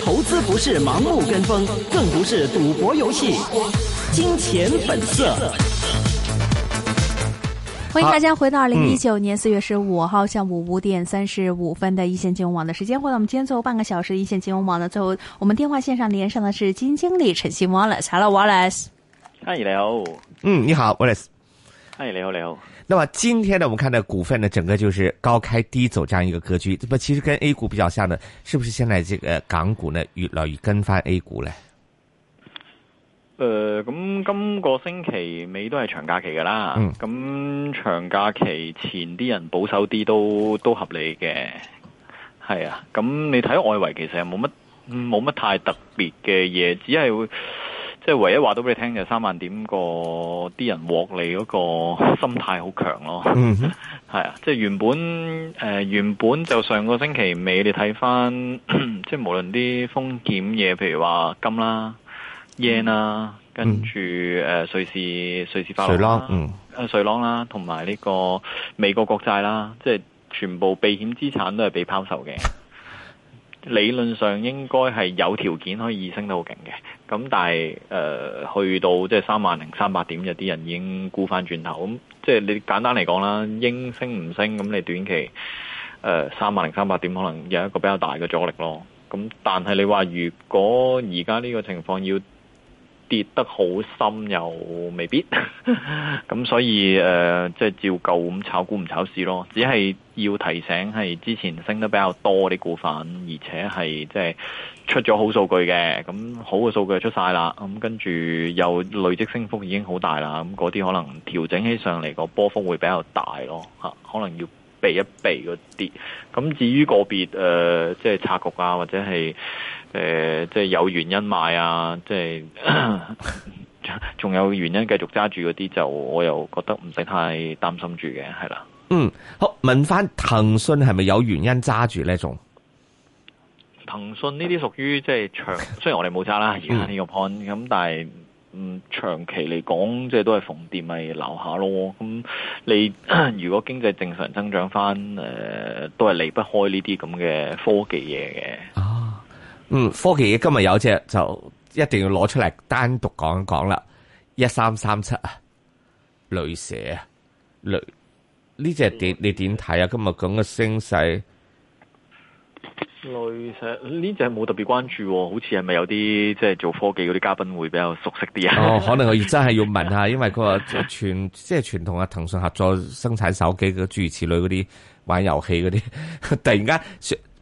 投資不是盲目跟風，更不是賭博遊戲。金錢本色。歡迎大家回到二零一九年四月十五號下午五點三十五分的一線金融網的時間。回到我們今天最後半個小時一線金融網的最後，我們電話線上連上的是基金經理陳昕 Wallace。Hello Wallace。你好。嗯，你好 Wallace。嗨，你好，你好。那麼今天呢，我們看到股份呢，整個就是高開低走這樣一個格局，咁其實跟 A 股比較像的，是不是？現在這個港股呢，越來越跟翻 A 股呢？誒、呃，咁、這、今個星期尾都係長假期噶啦，咁、嗯、長假期前啲人保守啲都都合理嘅，係啊，咁你睇外圍其實又冇乜冇乜太特別嘅嘢，只係會。即係唯一話到俾你聽就三、是、萬點個啲人獲利嗰個心態好強咯，啊、嗯哼！即係原本、呃、原本就上個星期尾你睇翻，即係無論啲風險嘢，譬如話金啦、yen 啦，嗯、跟住、呃、瑞士瑞士法郎啦，瑞、嗯啊、瑞郎啦，同埋呢個美國國債啦，即係全部避險資產都係被拋售嘅。理論上應該係有條件可以升得好勁嘅，咁但係誒、呃、去到即係三萬零三百點，有啲人已經沽翻轉頭，咁即係你簡單嚟講啦，應升唔升，咁你短期誒三萬零三百點可能有一個比較大嘅阻力咯。咁但係你話如果而家呢個情況要跌得好深又未必，咁所以誒即係照舊咁炒股唔炒市咯，只係。要提醒係之前升得比較多啲股份，而且係即係出咗好數據嘅，咁好嘅數據出晒啦，咁跟住又累積升幅已經好大啦，咁嗰啲可能調整起上嚟個波幅會比較大咯，嚇，可能要避一避嗰啲。咁至於個別誒，即係拆局啊，或者係誒，即係有原因買啊，即係仲有原因繼續揸住嗰啲，就我又覺得唔使太擔心住嘅，係啦。嗯，好問翻騰訊係咪有原因揸住呢種？騰訊呢啲屬於即係長，雖然我哋冇揸啦而家呢個 point，咁但係嗯長期嚟講，即係都係逢跌咪留下咯。咁你如果經濟正常增長翻，誒、呃、都係離不開呢啲咁嘅科技嘢嘅。啊、哦，嗯，科技嘢今日有隻就一定要攞出嚟單獨講一講啦，一三三七啊，雷蛇啊，呢隻點你點睇啊？今日講嘅聲勢，雷石呢隻冇特別關注，哦，好似係咪有啲即係做科技嗰啲嘉賓會比較熟悉啲啊？ 哦，可能我真係要問下，因為佢話即係傳即係傳統啊， 騰訊合作生產手機嘅諸如此類嗰啲玩遊戲嗰啲，突然間。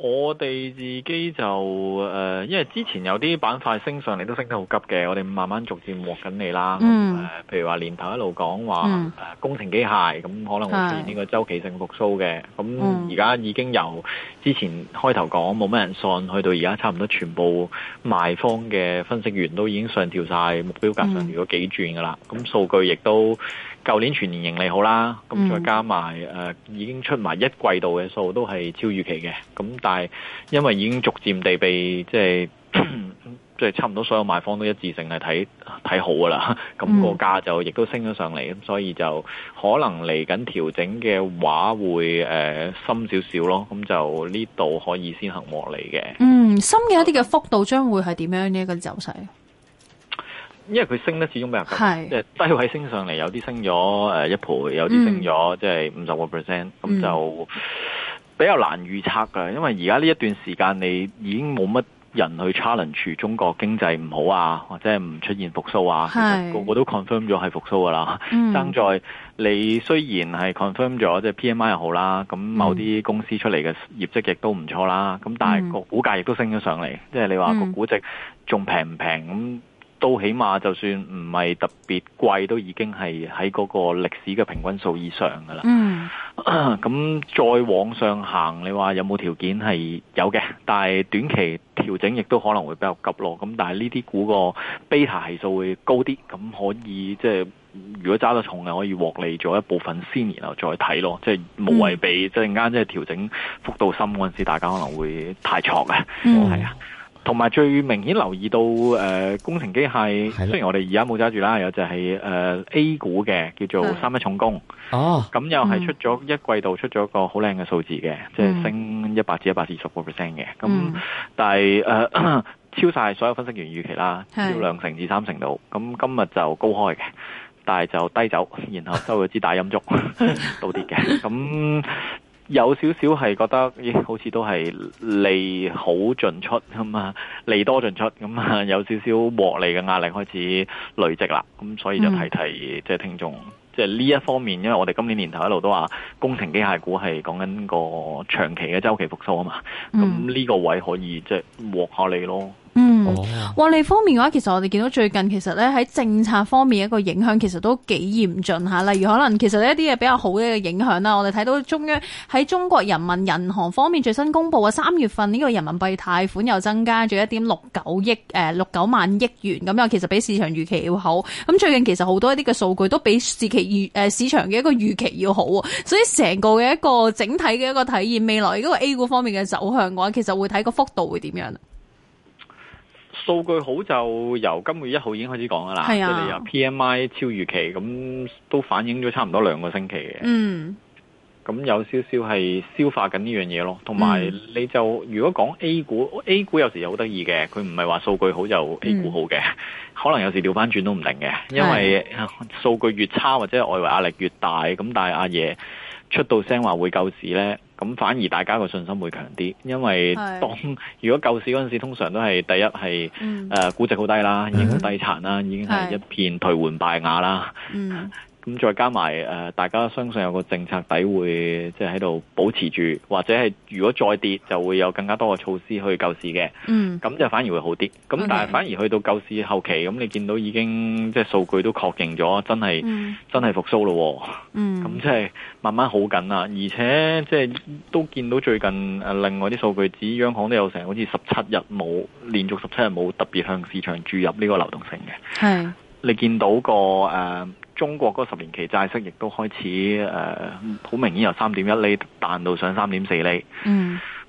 我哋自己就誒、呃，因為之前有啲板塊升上嚟都升得好急嘅，我哋慢慢逐漸握緊你啦。嗯、啊、譬如話年頭一路講話、嗯、工程機械，咁可能我哋呢個周期性復甦嘅，咁而家已經由之前開頭講冇咩人信，去到而家差唔多全部賣方嘅分析員都已經上調曬目標價上調咗幾轉噶啦。咁、嗯、數據亦都。舊年全年盈利好啦，咁再加埋誒、嗯呃，已經出埋一季度嘅數都係超預期嘅。咁但係因為已經逐漸地被即係即係差唔多所有賣方都一致性係睇睇好噶啦，咁個價就亦都升咗上嚟，咁、嗯、所以就可能嚟緊調整嘅話會，會、呃、誒深少少咯。咁就呢度可以先行獲利嘅。嗯，深嘅一啲嘅幅度將會係點樣呢？嗰啲走勢？因為佢升得始終比較急，即係是低位升上嚟，有啲升咗誒、呃、一倍，有啲升咗即係五十個 percent，咁就比較難預測㗎。因為而家呢一段時間，你已經冇乜人去 challenge 住中國經濟唔好啊，或者係唔出現復甦啊。個個都 confirm 咗係復甦㗎啦。爭是在你雖然係 confirm 咗，即、就、係、是、PMI 又好啦，咁某啲公司出嚟嘅業績亦都唔錯啦。咁但係個股價亦都升咗上嚟，即係你話個估值仲平唔平咁？都起碼就算唔係特別貴，都已經係喺嗰個歷史嘅平均數以上噶啦。嗯，咁、啊、再往上行，你話有冇條件係有嘅？但係短期調整亦都可能會比較急咯。咁但係呢啲股個貝塔係數會高啲，咁可以即係如果揸得重嘅，可以獲利咗一部分先，然後再睇咯。即係無謂俾、嗯、即係啱即係調整幅度深嗰陣時，大家可能會太錯嘅。嗯，係啊。同埋最明顯留意到，呃、工程機械，的雖然我哋而家冇揸住啦，有隻係、呃、A 股嘅叫做三一重工，的哦，咁又係出咗一季度出咗個好靚嘅數字嘅，即係、嗯、升一百至一百二十個 percent 嘅，咁、嗯、但係誒、呃、超曬所有分析員預期啦，超兩成至三成度，咁的今日就高開嘅，但係就低走，然後收咗支大陰燭，倒跌嘅，咁。有少少係覺得咦、欸，好似都係利好進出咁啊，利多進出咁啊，有少少獲利嘅壓力開始累積啦。咁所以就提提即係聽眾，即係呢一方面，因為我哋今年年頭一路都話工程機械股係講緊個長期嘅週期復甦啊嘛，咁呢個位可以即係、就是、獲下利咯。嗯，獲利、oh. 方面嘅話，其實我哋見到最近其實咧喺政策方面一個影響，其實都幾嚴峻下，例如可能其實一啲嘢比較好嘅影響啦，我哋睇到中央喺中國人民銀行方面最新公布嘅三月份呢個人民幣貸款又增加咗一點六九億誒六九萬億元咁樣，又其實比市場預期要好。咁最近其實好多一啲嘅數據都比市期預，誒市場嘅一個預期要好，所以成個嘅一個整體嘅一個體驗，未來呢個 A 股方面嘅走向嘅話，其實會睇個幅度會點樣。數據好就由今個月一號已經開始講噶啦，即係由 PMI 超預期，咁都反映咗差唔多兩個星期嘅。嗯，咁有少少係消化緊呢樣嘢咯。同埋，你就如果講 A 股，嗯，A 股有時又好得意嘅，佢唔係話數據好就 A 股好嘅。嗯、可能有時調翻轉都唔定嘅。因為數據越差或者外圍壓力越大，咁但係阿爺出到聲話會救市咧，咁反而大家個信心會強啲，因為當如果救市嗰陣時，通常都係第一係誒、嗯呃、估值好低啦，已經好低殘啦，嗯、已經係一片頹垣敗瓦啦。的咁再加埋誒、呃，大家相信有個政策底會即係喺度保持住，或者係如果再跌就會有更加多嘅措施去救市嘅。嗯，咁就反而會好啲。咁 Okay. 但係反而去到救市後期，咁你見到已經即係、就是、數據都確認咗，真係、嗯、真係復甦咯。嗯，咁即係慢慢好緊啦。嗯、而且即係、就是、都見到最近誒另外啲數據指，指央行都有成好似十七日冇連續十七日冇特別向市場注入呢個流動性嘅。係的，你見到個誒。呃中國嗰十年期債息亦都開始誒，好、呃、明顯由三點一厘彈到上三點四釐。嗯。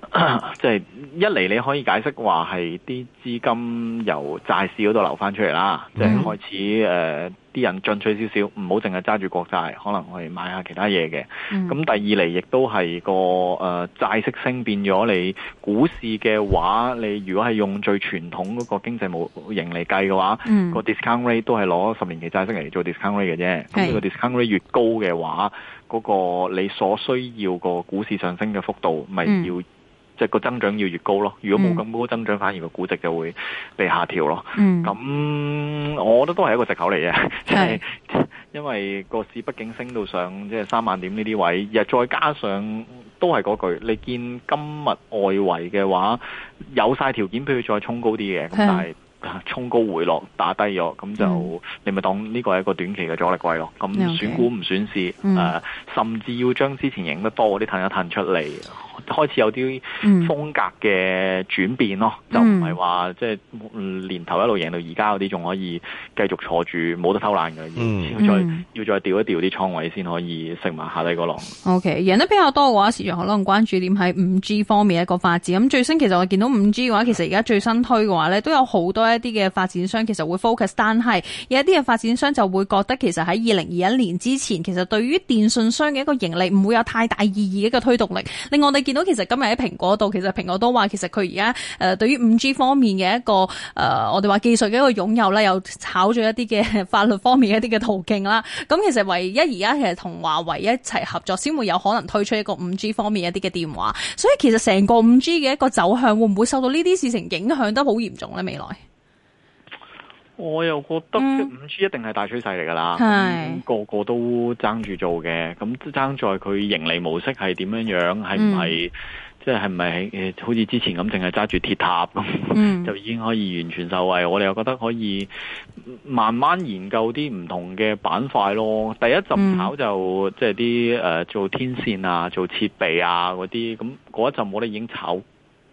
即係、 就是、一嚟，你可以解釋話係啲資金由債市嗰度流翻出嚟啦，即係開始誒、呃、啲人進取少少，唔好淨係揸住國債，可能去買下其他嘢嘅。咁第二嚟，亦都係個誒債息升變咗，你股市嘅話，你如果係用最傳統嗰個經濟模型嚟計嘅話，個 discount rate 都係攞十年期債息嚟做 discount rate 嘅啫。咁呢個 discount rate 越高嘅話，嗰個你所需要個股市上升嘅幅度咪要？即係個增長要越高咯，如果冇咁高增長，反而個估值，就會被下調咯。咁、嗯、我覺得都係一個借口嚟嘅，即係是因為個市畢竟升到上即係三萬點呢啲位，又再加上都係嗰句，你見今日外圍嘅話有晒條件，俾佢再沖高啲嘅，咁是但係沖高回落打低咗，咁就、嗯、你咪當呢個係一個短期嘅阻力位咯。咁選股唔選市，誒，甚至要將之前影得多嗰啲褪一褪出嚟。開始有啲風格嘅轉變咯，嗯、就唔係話即係年頭一路贏到而家嗰啲，仲可以繼續坐住冇得偷懶嘅、嗯，要再要再調一調啲倉位先可以食埋下低個浪。Okay. 贏得比較多嘅話，市場可能關注點喺 5G 方面一個發展。咁、嗯、最新其實我見到 5G 嘅話，其實而家最新推嘅話咧，都有好多一啲嘅發展商其實會 focus，但係有一啲嘅發展商就會覺得其實喺2021年之前，其實對於電信商嘅一個盈利唔會有太大意義嘅一個推動力。另外我哋見到。咁其實今日喺蘋果度，其實蘋果都話，其實佢而家誒對於五 G 方面嘅一個誒、呃，我哋話技術嘅一個擁有咧，又炒咗一啲嘅法律方面的一啲嘅途徑啦。咁其實唯一而家其實同華為一齊合作，先會有可能推出一個五 G 方面一啲嘅電話。所以其實成個五 G 嘅一個走向，會唔會受到呢啲事情影響得好嚴重咧？未來？我又覺得五 G 一定係大趨勢嚟㗎啦，嗯嗯、個個都爭住做嘅，咁爭在佢盈利模式係點樣樣，係唔係即係唔係誒？嗯、係係係好似之前咁，淨係揸住鐵塔， 就已經可以完全受惠。我哋又覺得可以慢慢研究啲唔同嘅板塊咯。第一陣炒就即係啲誒做天線啊、做設備啊嗰啲，咁嗰一陣我哋已經炒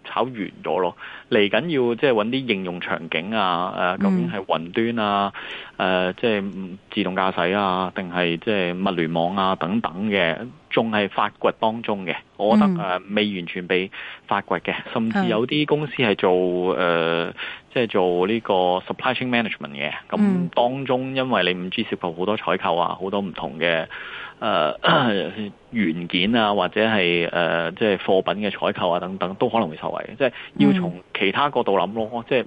炒完咗咯。嚟緊要即係揾啲應用場景啊，誒究竟係雲端啊，誒即係自動駕駛啊，定係即係物聯網啊等等嘅，仲係發掘當中嘅，嗯、我覺得未完全被發掘嘅，甚至有啲公司係做誒即係做呢個 supply chain management 嘅，咁當中因為你唔知涉及好多採購啊，好多唔同嘅誒元件啊，或者係誒即係貨品嘅採購啊等等，都可能會受惠嘅，即係要從其他角度諗咯，即係，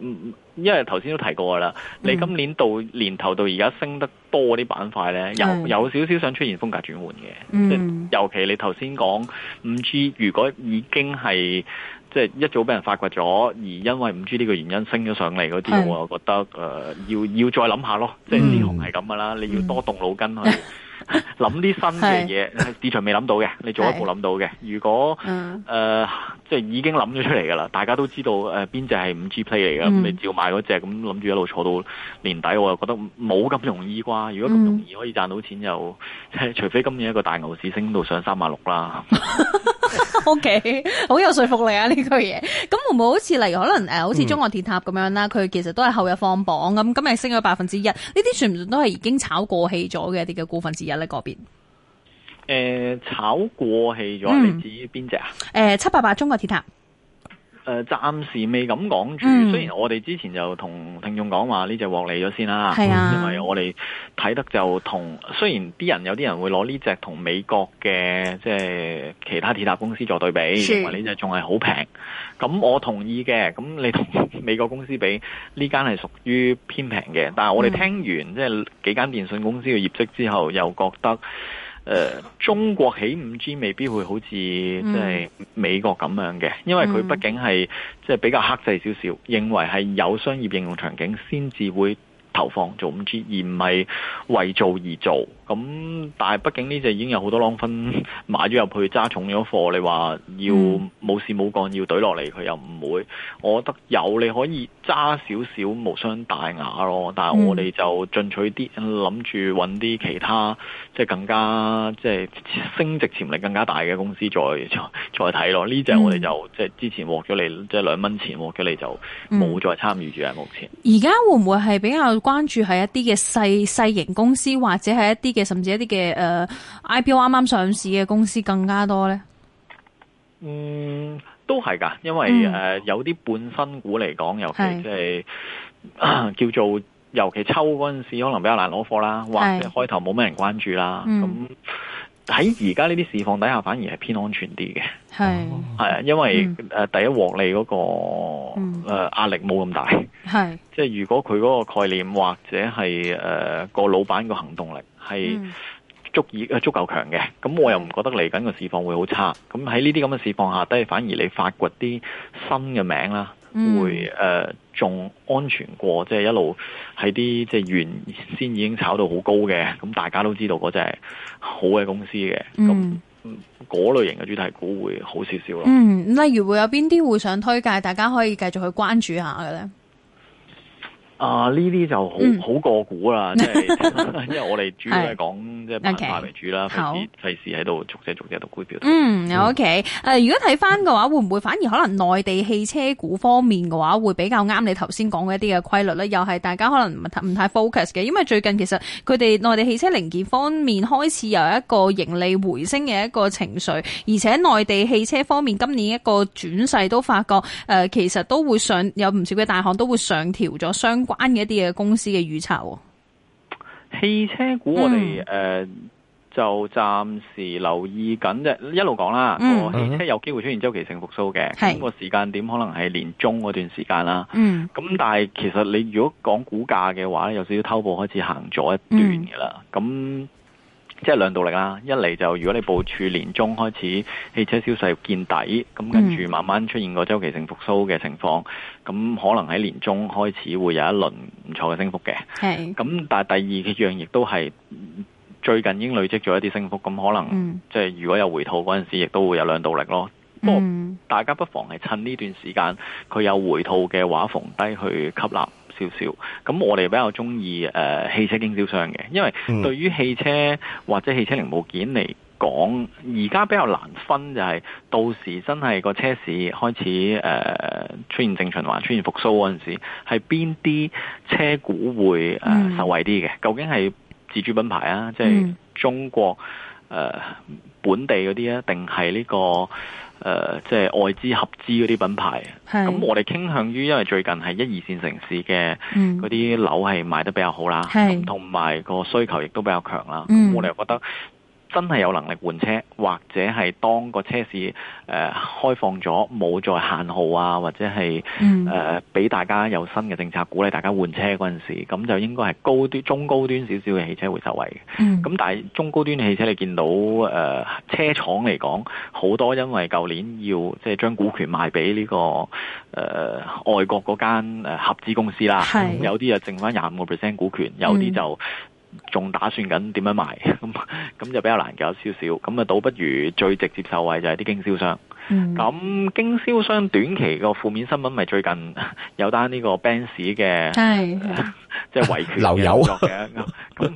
因為頭先都提過噶啦。你、嗯、今年到年頭到而家升得多啲板塊呢，有有少少想出現風格轉換嘅。嗯、尤其你頭先講五 G，如果已經係即係一早俾人發掘咗，而因為五 G 呢個原因升咗上嚟嗰啲，是我就覺得、呃、要要再諗下咯。即係呢行係咁噶啦，嗯、你要多動腦筋去。嗯 諗啲新嘅嘢， 是市場未諗到嘅，你早一步諗到嘅。是如果誒、嗯呃，即係已經諗咗出嚟噶啦，大家都知道誒，邊隻係五 G Play 嚟噶，咁你照買嗰隻，咁諗住一路坐到年底，我又覺得冇咁容易啩。如果咁容易可以賺到錢就，又即係除非今年一個大牛市升到上三萬六啦。 O、okay, K，好有說服力啊！呢句嘢，咁會唔會好似例如可能誒，好似中國鐵塔咁樣啦，佢、嗯、其實都係後日放榜咁，今日升咗百分之一，呢啲算唔算都係已經炒過氣咗嘅？一啲嘅股份之一咧，嗰邊誒，炒過氣咗，你指邊隻啊？誒、嗯呃，七八八，中國鐵塔。誒，暫時未咁講住。雖然我哋之前就同聽眾講話呢隻獲利咗先啦，係啊、因為我哋睇得就同雖然啲人有啲人會攞呢隻同美國嘅即係其他鐵塔公司做對比，認為呢隻仲係好平。咁我同意嘅。咁你同美國公司比呢間係屬於偏平嘅。但係我哋聽完即係幾間電信公司嘅業績之後，又覺得。呃、中國起 5G 未必會好似即係美國咁樣嘅，嗯、因為佢畢竟係即係比較克制少少，認為係有商業應用場景先至會。投放做唔知，而唔係為做而做。咁但係畢竟呢隻已經有好多狼分買咗入去，揸重咗貨，你話要冇事冇干要懟落嚟，佢又唔會，我覺得有你可以揸少少無傷大雅咯。但係我哋就進取啲諗住揾啲其他即係更加即係升值潛力更加大嘅公司再再睇咯。呢隻我哋就即係、嗯、之前獲咗你即係兩蚊錢獲咗你就冇再參與住啊目前而家會唔會係比較。關注係一啲嘅細細型公司，或者係一啲嘅，甚至一啲嘅誒 IPO 啱啱上市嘅公司更加多咧。嗯，都係噶，因為誒、嗯呃、有啲半新股嚟講，尤其即、就、係、是是呃、叫做尤其秋嗰陣時，可能比較難攞貨啦，或者開頭冇咩人關注啦，咁是。那嗯喺而家呢啲市況底下，反而係偏安全啲嘅。係係係，嗯、因為誒第一獲利嗰個誒壓力冇咁大。係、嗯，係即係如果佢嗰個概念或者係誒個老闆個行動力係足以誒足夠強嘅，咁、嗯、我又唔覺得嚟緊個市況會好差。咁喺呢啲咁嘅市況下低，反而你發掘啲新嘅名啦。嗯、會誒仲，呃、安全過，即係一路喺啲即係原先已經炒到好高嘅，咁大家都知道嗰隻好嘅公司嘅，咁嗰，嗯、類型嘅主題股會好少少咯。嗯，例如會有邊啲會想推介，大家可以繼續去關注一下嘅咧？啊！呢啲就好好個股啦，即係、嗯、 因為我哋主要係講即係板塊為主啦，okay, 費事好費事喺度逐隻逐隻讀股，嗯，OK、呃。誒，如果睇翻嘅話，會唔會反而可能內地汽車股方面嘅話，會比較啱你頭先講嘅一啲嘅規律咧？又係大家可能唔太 focus 嘅，因為最近其實佢哋內地汽車零件方面開始有一個盈利回升嘅一個情緒，而且內地汽車方面今年一個轉勢都發覺誒、呃，其實都會上有唔少嘅大行都會上調咗相關嘅一啲嘅公司嘅預測，汽車股我哋誒、嗯呃、就暫時留意緊一路講啦。嗯、汽車有機會出現周期性復甦嘅，咁是個時間點可能係年中嗰段時間啦。嗯，咁但係其實你如果講股價嘅話咧，有少少偷步開始行咗一段噶啦，咁、嗯。即係兩道力啦，一嚟就如果你部署年中開始汽車銷售見底，咁跟住慢慢出現個周期性復甦嘅情況，咁可能喺年中開始會有一輪唔錯嘅升幅嘅。咁是但係第二嘅樣亦都係最近已經累積咗一啲升幅，咁可能即係如果有回吐嗰陣時，亦都會有兩道力咯。不過、嗯、大家不妨係趁呢段時間，佢有回吐嘅話，逢低去吸納。少少，咁我哋比較中意、呃、汽車經銷商嘅，因為對於汽車或者汽車零部件嚟講，而家比較難分就係到時真係個車市開始、呃、出現正循環、出現復甦嗰陣時，係邊啲車股會誒、呃、受惠啲嘅？究竟係自主品牌啊，即係中國、呃、本地嗰啲啊，定係呢個？誒、呃，即係外資合資嗰啲品牌，咁是我哋傾向於，因為最近係一二線城市嘅嗰啲樓係賣得比較好啦，同埋、嗯、個需求亦都比較強啦，嗯、我哋又覺得。真係有能力換車，或者係當個車市誒、呃、開放咗，冇再限號啊，或者係誒俾大家有新嘅政策鼓勵大家換車嗰陣時，咁就應該係高端、中高端少少嘅汽車會受惠嘅。咁、嗯、但係中高端汽車，你見到誒、呃、車廠嚟講，好多因為舊年要即係將股權賣俾呢、這個誒、呃、外國嗰間合資公司啦是、嗯，有啲啊剩翻廿五個 percent 股權，有啲就，嗯仲打算緊點樣賣，咁咁就比較難搞少少，咁啊倒不如最直接受惠就係啲經銷商。咁、嗯、經銷商短期個負面新聞，咪最近有單呢個 Benz 嘅，的啊、即係維權漏油嘅。咁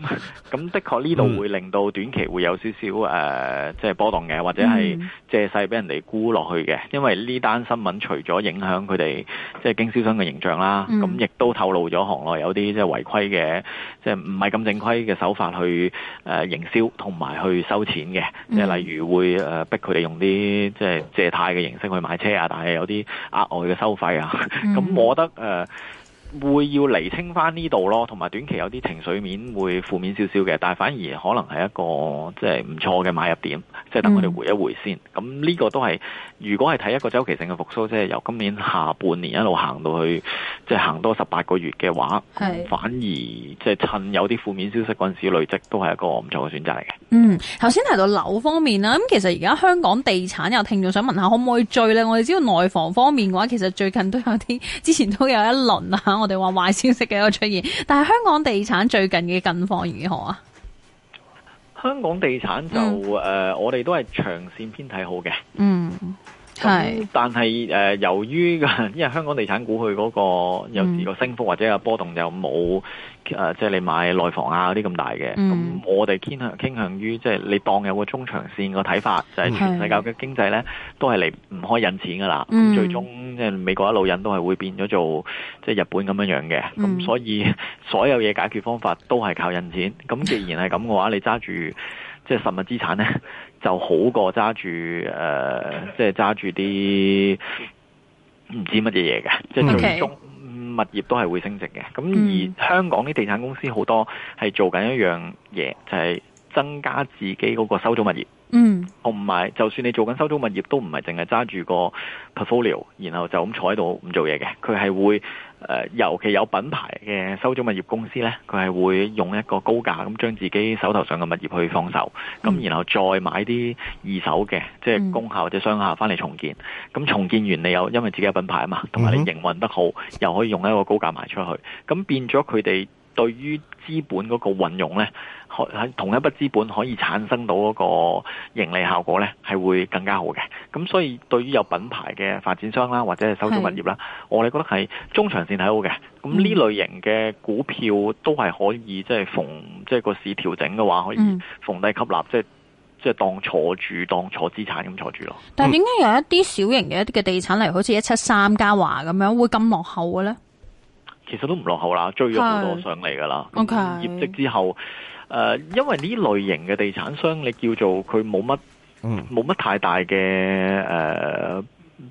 咁的確呢度會令到短期會有少少誒，即、uh, 係波動嘅，或者係借勢俾人哋沽落去嘅。嗯、因為呢單新聞除咗影響佢哋即係經銷商嘅形象啦，咁亦、嗯、都透露咗行內有啲即係違規嘅，即係唔係咁正規嘅手法去誒、uh, 營銷同埋去收錢嘅，即係、嗯、例如會逼佢哋用啲即即係。就是借貸嘅形式去買車啊，但係有啲額外嘅收費啊，咁我覺得誒。 會要釐清翻呢度咯，同埋短期有啲情緒面會負面少少嘅，但係反而可能係一個即係唔錯嘅買入點，即係等我哋回一回先。嗯，咁呢個都係，如果係睇一個周期性嘅復甦，即係由今年下半年一路行到去，即係行多十八個月嘅話，係，反而即係趁有啲負面消息嗰陣時累積，都係一個唔錯嘅選擇嚟嘅。嗯，頭先提到樓方面啦，咁其實而家香港地產有聽眾想問下可唔可以追呢？我哋知道內房方面嘅話，其實最近都有啲，之前都有一輪啊。我哋話壞消息嘅一個出現，但係香港地產最近嘅近況如何啊？香港地產就誒、嗯呃，我哋都係長線偏睇好嘅。嗯。係，但係誒、呃，由於因為香港地產股，佢嗰個有時個升幅或者個波動又冇誒，即係、嗯呃就是、你買內房啊嗰啲咁大嘅。咁、嗯、我哋傾向傾向於即係你當有個中長線個睇法，就係、是、全世界嘅經濟咧都係嚟唔開印錢噶啦。咁、嗯、最終即係美國一路印都係會變咗做即係日本咁樣樣嘅。咁、嗯、所以所有嘢解決方法都係靠印錢。咁既然係咁嘅話，你揸住即係實物資產咧？就好過揸住誒，即係揸住啲唔知乜嘢嘢嘅，即係最終物業都係會升值嘅。咁而香港啲地產公司好多係做緊一樣嘢，就係、是、增加自己嗰個收租物業。嗯，同埋就算你做緊收租物業都唔係淨係揸住個 portfolio，然後就咁坐喺度唔做嘢嘅。佢係會誒、呃、尤其有品牌嘅收租物業公司咧，佢係會用一個高價咁將自己手頭上嘅物業去放手，咁、嗯、然後再買啲二手嘅，即係工廈或者商廈翻嚟重建。咁、嗯、重建完你有，因為自己有品牌啊嘛，同埋你營運得好，嗯、哼又可以用一個高價賣出去。咁變咗佢哋。對於資本嗰個運用呢，喺同一筆資本可以產生到嗰個盈利效果呢，係會更加好嘅。咁所以對於有品牌嘅發展商啦，或者係收租物業啦，是我哋覺得係中長線睇好嘅。咁呢類型嘅股票都係可以，即係逢即係個市調整嘅話，可以逢低吸納，即係即係當坐住、當坐資產咁坐住咯。但係點解有一啲小型嘅一啲嘅地產，例如好似一七三嘉華咁樣，會咁落後嘅呢？其實都唔落後啦，追咗好多上嚟噶啦。OK，業績之後，呃、因為呢類型嘅地產商，你叫做佢冇乜，冇乜、嗯、太大嘅誒、呃、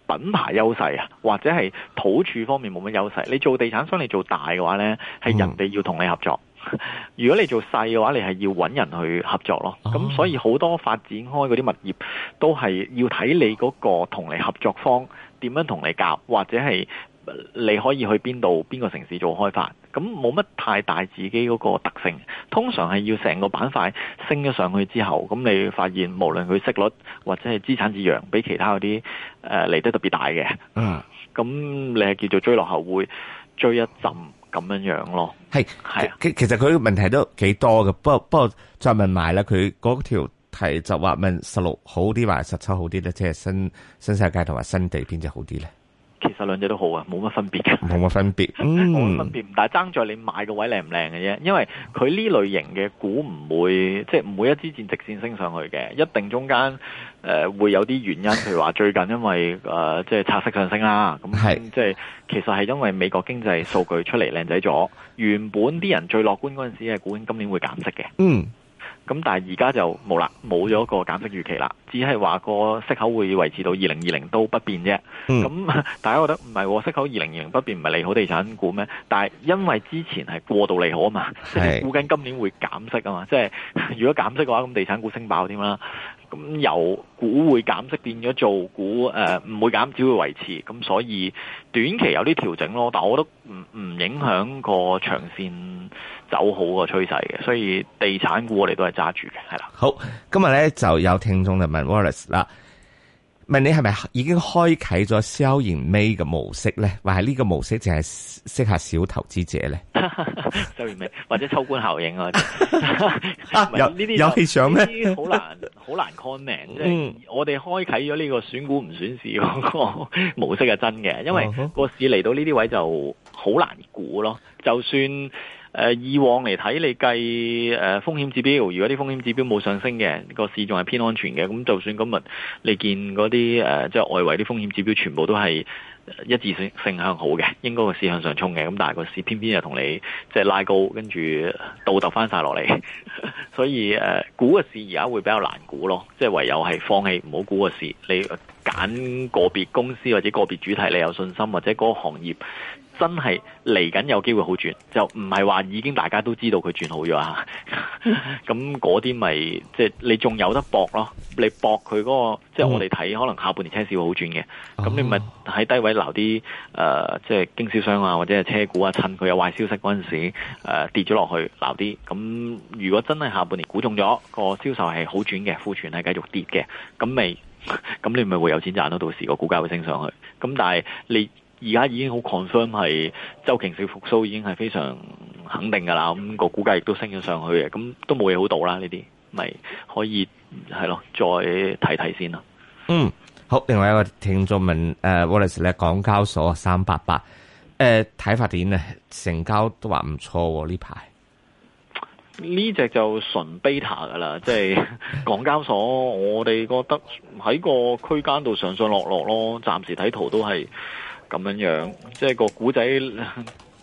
品牌優勢啊，或者係土儲方面冇乜優勢。你做地產商，你做大嘅話呢，係人哋要同你合作；嗯、如果你做細嘅話，你係要搵人去合作咯。咁、啊、所以好多發展開嗰啲物業，都係要睇你嗰個同你合作方點樣同你夾，或者係。你可以去邊度邊個城市做開發，咁冇乜太大自己嗰個特性，通常係要成個板塊升咗上去之後，咁你會發現無論佢息率或者係資產溢揚，比其他嗰啲誒嚟得特別大嘅，嗯，咁你係叫做追落後會追一浸咁樣樣咯，係係是是啊，其，其其實佢問題都幾多嘅，不過不過再問埋喇，佢嗰條題就話問十六好啲，或者十七好啲咧，即係新新世界同埋新地邊隻好啲咧？其實兩隻都好啊，冇乜分別嘅，冇乜分別，冇乜 分別，唔、嗯、但係爭在你買個位靚唔靚嘅啫，因為佢呢類型嘅股唔會即係唔會一支箭直線升上去嘅，一定中間誒、呃、會有啲原因，譬如話最近因為誒即係拆息上升啦，咁即係其實係因為美國經濟數據出嚟靚仔咗，原本啲人最樂觀嗰陣時係估緊今年會減息嘅。嗯。咁但係而家就冇啦，冇咗個減息預期啦，只係話個息口會維持到二零二零都不變啫。咁、嗯、大家覺得唔係，息口二零二零不變唔係利好地產股咩？但係因為之前係過度利好啊嘛、嘛，即係估緊今年會減息啊嘛，即係如果減息嘅話，咁地產股升爆添啦。咁由股會減息變咗做股，誒、呃、唔會減，只會維持。咁所以短期有啲調整咯，但我覺得唔唔影響個長線走好個趨勢嘅。所以地產股我哋都係揸住嘅，係啦。好，今日咧就有聽眾就問 Wallace 啦。問你係咪已經開啟咗消炎尾嘅模式咧？或係呢個模式淨係適合小投資者咧？消炎尾或者抽官效應 啊？有呢啲 就有戲上咩？好 難好難 comment。即係我哋開啟咗呢個選股唔選市嗰個模式係真嘅，因為個市嚟到呢啲位就好難估咯。就算。以往嚟睇，你計誒風險指標，如果啲風險指標冇上升嘅，個市仲係偏安全嘅。咁就算今日你見嗰啲誒，即係外圍啲風險指標全部都係一致性性向好嘅，應該個市向上衝嘅。咁但係個市偏偏又同你即係拉高，跟住倒跌翻晒落嚟。所以誒，估個市而家會比較難估咯。即係唯有係放棄唔好估個市，你揀個別公司或者個別主題你有信心，或者嗰個行業。真係嚟緊有機會好轉，就唔係話已經大家都知道佢轉好咗吓。咁嗰啲咪即係你仲有得搏咯？你搏佢嗰個，即係我哋睇可能下半年車市會好轉嘅。咁你咪喺低位留啲誒，即係經銷商啊，或者係車股啊，趁佢有壞消息嗰陣時誒、呃、跌咗落去留啲。咁如果真係下半年估中咗個銷售係好轉嘅，庫存係繼續跌嘅，咁咁你咪會有錢賺咯？到時個股價會升上去。咁但係你。而家已經好 confirm 係周期性復甦，已經係非常肯定噶啦。咁個股價亦都升咗上去嘅，咁都冇嘢好到啦。呢啲咪可以係咯，再睇睇先啦。嗯，好。另外一個聽眾問：誒，Wallace 咧，港交所三八八誒睇法點咧？成交都話唔錯喎，呢排呢隻就純 beta 噶啦，即係港交所。 我哋覺得喺個區間度上上落落咯，暫時睇圖都係。咁樣樣，即係個股仔，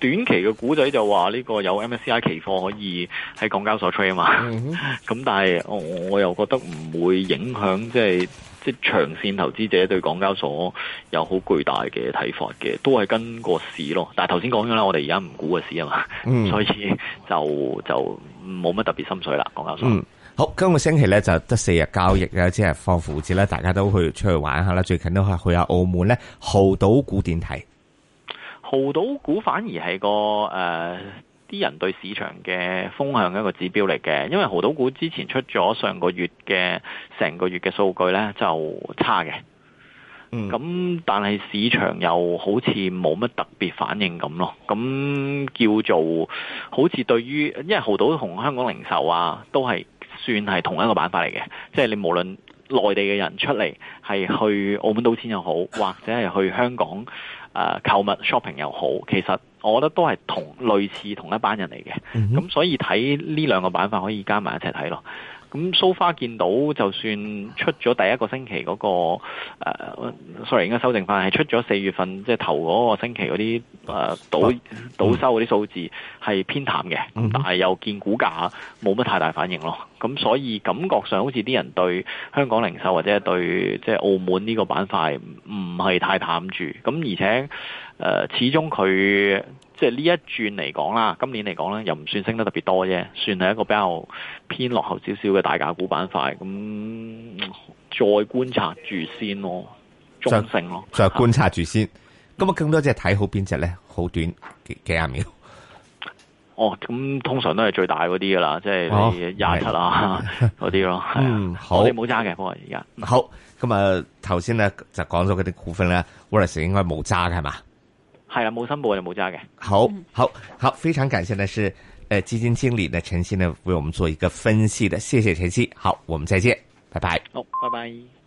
短期嘅股仔就話呢個有 MSCI 期貨可以喺港交所 trade 啊嘛。咁、mm hmm. 但係我我又覺得唔會影響，即係即係長線投資者對港交所有好巨大嘅睇法嘅，都係跟個市咯。但係頭先講咗啦，我哋而家唔估個市啊嘛，mm hmm. 所以就就冇乜特別心水啦，港交所。Mm hmm. 好，今個星期咧就得四日交易啦，即係放胡子啦，大家都去出去玩下啦。最近都去去下澳門咧，濠賭股點睇，濠賭股反而係個誒，啲、呃、人對市場嘅風向一個指標嚟嘅，因為濠賭股之前出咗上個月嘅成個月嘅數據咧就差嘅，咁、嗯、但係市場又好似冇乜特別反應咁咯，咁叫做好似對於，因為濠賭同香港零售啊都係。算係同一個板塊嚟嘅，即係你無論內地嘅人出嚟係去澳門賭錢又好，或者係去香港誒、呃、購物 shopping 又好，其實我覺得都係同類似同一班人嚟嘅，咁、mm hmm. 所以睇呢兩個板塊可以加埋一齊睇咯。咁蘇花見到，就算出咗第一個星期嗰個，那個，呃，sorry，應該修正返，係出咗四月份，即係頭嗰個星期嗰啲誒賭、賭收嗰啲數字係偏淡嘅，但係又見股價冇乜太大反應咯。咁所以感覺上好似啲人對香港零售或者對即係澳門呢個板塊唔係太淡住。咁而且。誒、呃，始終佢即係呢一轉嚟講啦，今年嚟講咧，又唔算升得特別多啫，算係一個比較偏落後少少嘅大價股板塊。咁、嗯、再觀察住先咯，中性咯，就再觀察住先。咁啊、嗯，更多係睇好邊隻咧？好短幾幾廿秒。哦，咁通常都係最大嗰啲噶啦，即係廿七啊嗰啲咯。嗯，好，我哋冇揸嘅，不過而家好。咁啊，頭先咧就講咗佢啲股份咧 Wallace 應該冇揸嘅係嘛？係啊，冇新報就冇揸嘅。好，好，好，非常感謝呢，是、呃、誒基金經理的陳呢陳昕呢為我們做一個分析的，謝謝陳昕。好，我們再見，拜拜。好，拜拜。